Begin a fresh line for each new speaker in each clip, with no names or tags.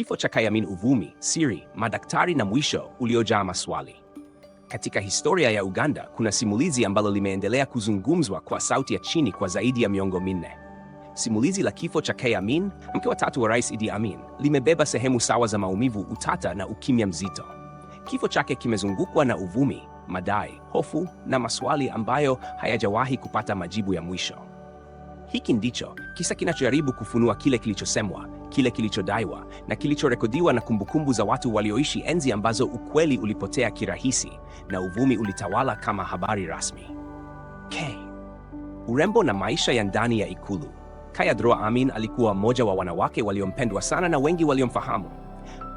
Kifo cha kayamin uvumi, siri, madaktari na mwisho uliojaa maswali. Katika historia ya Uganda kuna simulizi ambalo limeendelea kuzungumzwa kwa sauti ya chini kwa zaidi ya miongo minne. Simulizi la kifo cha kayamin mke wa tatu wa Rais Idi Amin, limebeba sehemu sawa za maumivu, utata na ukimya mzito. Kifo chake kimezungukwa na uvumi, madai, hofu na maswali ambayo hayajawahi kupata majibu ya mwisho. Hiki ndicho kisa kinachojaribu kufunua kile kilichosemwa kile kilichodaiwa na kilichorekodiwa na kumbukumbu za watu walioishi enzi ambazo ukweli ulipotea kirahisi na uvumi ulitawala kama habari rasmi. K. Urembo na maisha ya ndani ya ikulu. Kayadroa Amin alikuwa mmoja wa wanawake waliompendwa sana na wengi waliomfahamu.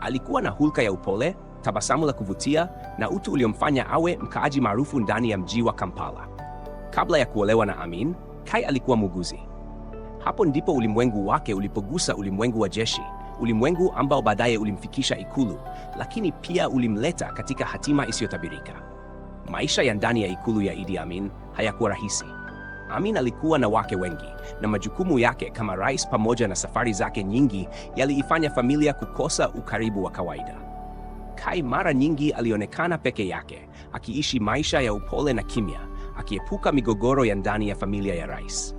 Alikuwa na hulka ya upole, tabasamu la kuvutia na utu uliomfanya awe mkaaji maarufu ndani ya mji wa Kampala. Kabla ya kuolewa na Amin, Kai alikuwa muuguzi. Hapo ndipo ulimwengu wake ulipogusa ulimwengu wa jeshi, ulimwengu ambao baadaye ulimfikisha Ikulu, lakini pia ulimleta katika hatima isiyotabirika. Maisha ya ndani ya Ikulu ya Idi Amin hayakuwa rahisi. Amin alikuwa na wake wengi na majukumu yake kama rais pamoja na safari zake nyingi yaliifanya familia kukosa ukaribu wa kawaida. Kai mara nyingi alionekana peke yake, akiishi maisha ya upole na kimya, akiepuka migogoro ya ndani ya familia ya rais.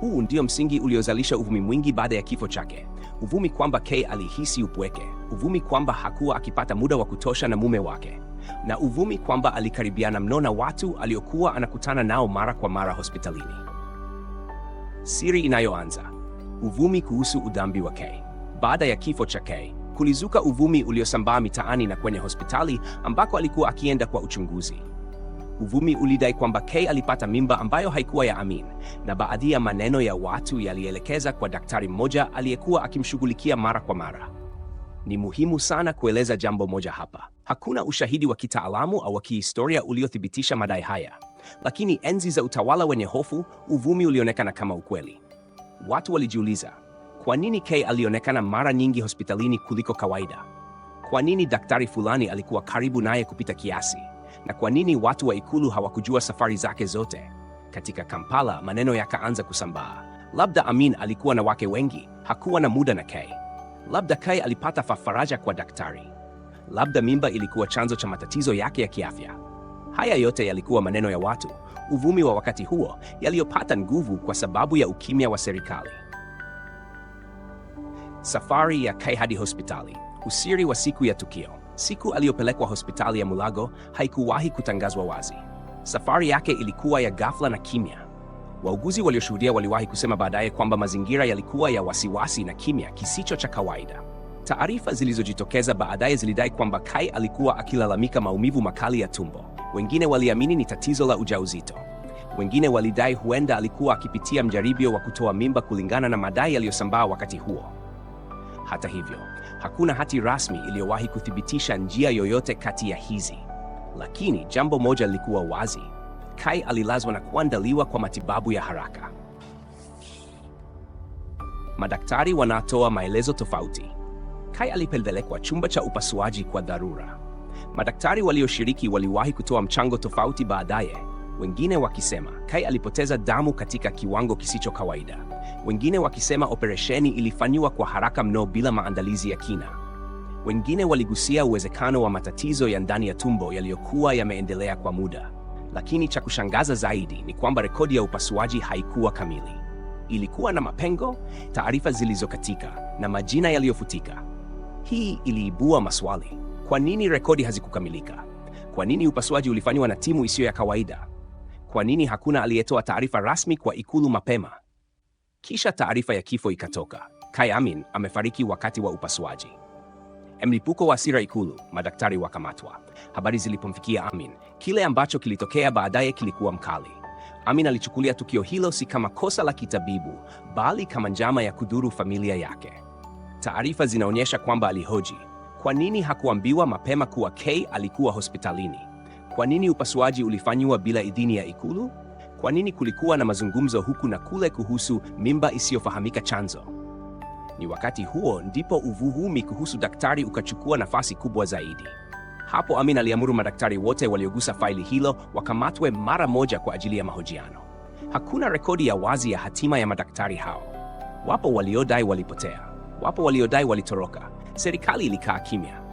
Huu ndio msingi uliozalisha uvumi mwingi baada ya kifo chake: uvumi kwamba Kay alihisi upweke, uvumi kwamba hakuwa akipata muda wa kutosha na mume wake, na uvumi kwamba alikaribiana mno na watu aliokuwa anakutana nao mara kwa mara hospitalini. Siri inayoanza uvumi kuhusu udhambi wa Kay. Baada ya kifo cha Kay kulizuka uvumi uliosambaa mitaani na kwenye hospitali ambako alikuwa akienda kwa uchunguzi. Uvumi ulidai kwamba Kay alipata mimba ambayo haikuwa ya Amin, na baadhi ya maneno ya watu yalielekeza kwa daktari mmoja aliyekuwa akimshughulikia mara kwa mara. Ni muhimu sana kueleza jambo moja hapa: hakuna ushahidi wa kitaalamu au wa kihistoria uliothibitisha madai haya, lakini enzi za utawala wenye hofu, uvumi ulionekana kama ukweli. Watu walijiuliza kwa nini Kay alionekana mara nyingi hospitalini kuliko kawaida? Kwa nini daktari fulani alikuwa karibu naye kupita kiasi? na kwa nini watu wa ikulu hawakujua safari zake zote? Katika Kampala maneno yakaanza kusambaa. Labda Amin alikuwa na wake wengi, hakuwa na muda na Kay. Labda Kay alipata fafaraja kwa daktari. Labda mimba ilikuwa chanzo cha matatizo yake ya kiafya. Haya yote yalikuwa maneno ya watu, uvumi wa wakati huo, yaliyopata nguvu kwa sababu ya ukimya wa serikali. Safari ya Kay hadi hospitali, usiri wa siku ya tukio. Siku aliyopelekwa hospitali ya Mulago haikuwahi kutangazwa wazi. Safari yake ilikuwa ya ghafla na kimya. Wauguzi walioshuhudia waliwahi kusema baadaye kwamba mazingira yalikuwa ya wasiwasi na kimya kisicho cha kawaida. Taarifa zilizojitokeza baadaye zilidai kwamba Kai alikuwa akilalamika maumivu makali ya tumbo. Wengine waliamini ni tatizo la ujauzito. Wengine walidai huenda alikuwa akipitia mjaribio wa kutoa mimba kulingana na madai yaliyosambaa wakati huo. Hata hivyo, hakuna hati rasmi iliyowahi kuthibitisha njia yoyote kati ya hizi. Lakini jambo moja lilikuwa wazi: Kai alilazwa na kuandaliwa kwa matibabu ya haraka. Madaktari wanatoa maelezo tofauti. Kai alipelekwa chumba cha upasuaji kwa dharura. Madaktari walioshiriki waliwahi kutoa mchango tofauti baadaye wengine wakisema Kai alipoteza damu katika kiwango kisicho kawaida, wengine wakisema operesheni ilifanywa kwa haraka mno bila maandalizi ya kina. Wengine waligusia uwezekano wa matatizo ya ndani ya tumbo yaliyokuwa yameendelea kwa muda. Lakini cha kushangaza zaidi ni kwamba rekodi ya upasuaji haikuwa kamili. Ilikuwa na mapengo, taarifa zilizokatika na majina yaliyofutika. Hii iliibua maswali: kwa nini rekodi hazikukamilika? Kwa nini upasuaji ulifanywa na timu isiyo ya kawaida? Kwa nini hakuna aliyetoa taarifa rasmi kwa ikulu mapema? Kisha taarifa ya kifo ikatoka. Kai Amin amefariki wakati wa upasuaji. Mlipuko wa hasira Ikulu, madaktari wakamatwa. Habari zilipomfikia Amin, kile ambacho kilitokea baadaye kilikuwa mkali. Amin alichukulia tukio hilo si kama kosa la kitabibu, bali kama njama ya kudhuru familia yake. Taarifa zinaonyesha kwamba alihoji kwa nini hakuambiwa mapema kuwa K alikuwa hospitalini. Kwa nini upasuaji ulifanywa bila idhini ya Ikulu? Kwa nini kulikuwa na mazungumzo huku na kule kuhusu mimba isiyofahamika chanzo? Ni wakati huo ndipo uvuhumi kuhusu daktari ukachukua nafasi kubwa zaidi. Hapo Amin aliamuru madaktari wote waliogusa faili hilo wakamatwe mara moja kwa ajili ya mahojiano. Hakuna rekodi ya wazi ya hatima ya madaktari hao. Wapo waliodai walipotea, wapo waliodai walitoroka. Serikali ilikaa kimya.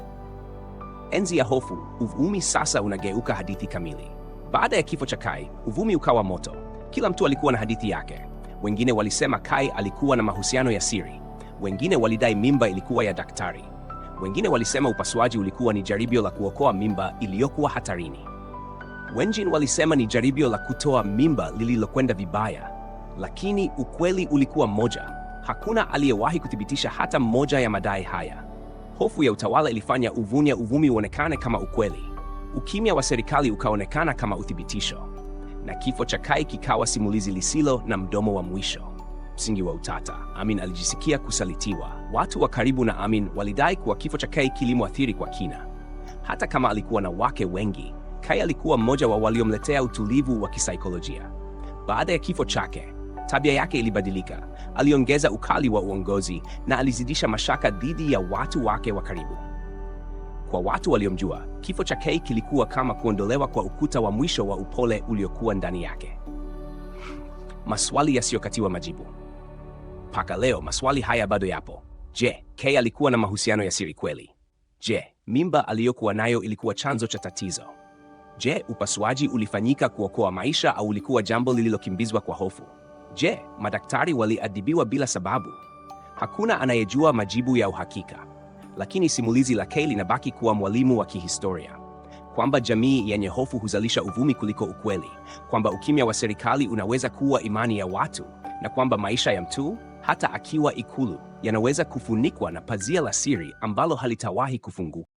Enzi ya hofu, uvumi sasa unageuka hadithi kamili. Baada ya kifo cha Kai, uvumi ukawa moto. Kila mtu alikuwa na hadithi yake. Wengine walisema Kai alikuwa na mahusiano ya siri, wengine walidai mimba ilikuwa ya daktari, wengine walisema upasuaji ulikuwa ni jaribio la kuokoa mimba iliyokuwa hatarini, wengine walisema ni jaribio la kutoa mimba lililokwenda vibaya. Lakini ukweli ulikuwa mmoja. Hakuna aliyewahi kuthibitisha hata moja ya madai haya. Hofu ya utawala ilifanya uvumi uvumi uonekane kama ukweli, ukimya wa serikali ukaonekana kama uthibitisho, na kifo cha Kai kikawa simulizi lisilo na mdomo wa mwisho. Msingi wa utata. Amin alijisikia kusalitiwa. Watu wa karibu na Amin walidai kuwa kifo cha Kai kilimwathiri kwa kina. Hata kama alikuwa na wake wengi, Kai alikuwa mmoja wa waliomletea utulivu wa kisaikolojia. Baada ya kifo chake, tabia yake ilibadilika. Aliongeza ukali wa uongozi na alizidisha mashaka dhidi ya watu wake wa karibu. Kwa watu waliomjua, kifo cha Kay kilikuwa kama kuondolewa kwa ukuta wa mwisho wa upole uliokuwa ndani yake. Maswali yasiyokatiwa majibu. Mpaka leo maswali haya bado yapo. Je, Kay alikuwa na mahusiano ya siri kweli? Je, mimba aliyokuwa nayo ilikuwa chanzo cha tatizo? Je, upasuaji ulifanyika kuokoa maisha au ulikuwa jambo lililokimbizwa kwa hofu? Je, madaktari waliadhibiwa bila sababu? Hakuna anayejua majibu ya uhakika, lakini simulizi la Kay linabaki kuwa mwalimu wa kihistoria, kwamba jamii yenye hofu huzalisha uvumi kuliko ukweli, kwamba ukimya wa serikali unaweza kuwa imani ya watu, na kwamba maisha ya mtu, hata akiwa Ikulu, yanaweza kufunikwa na pazia la siri ambalo halitawahi kufunguka.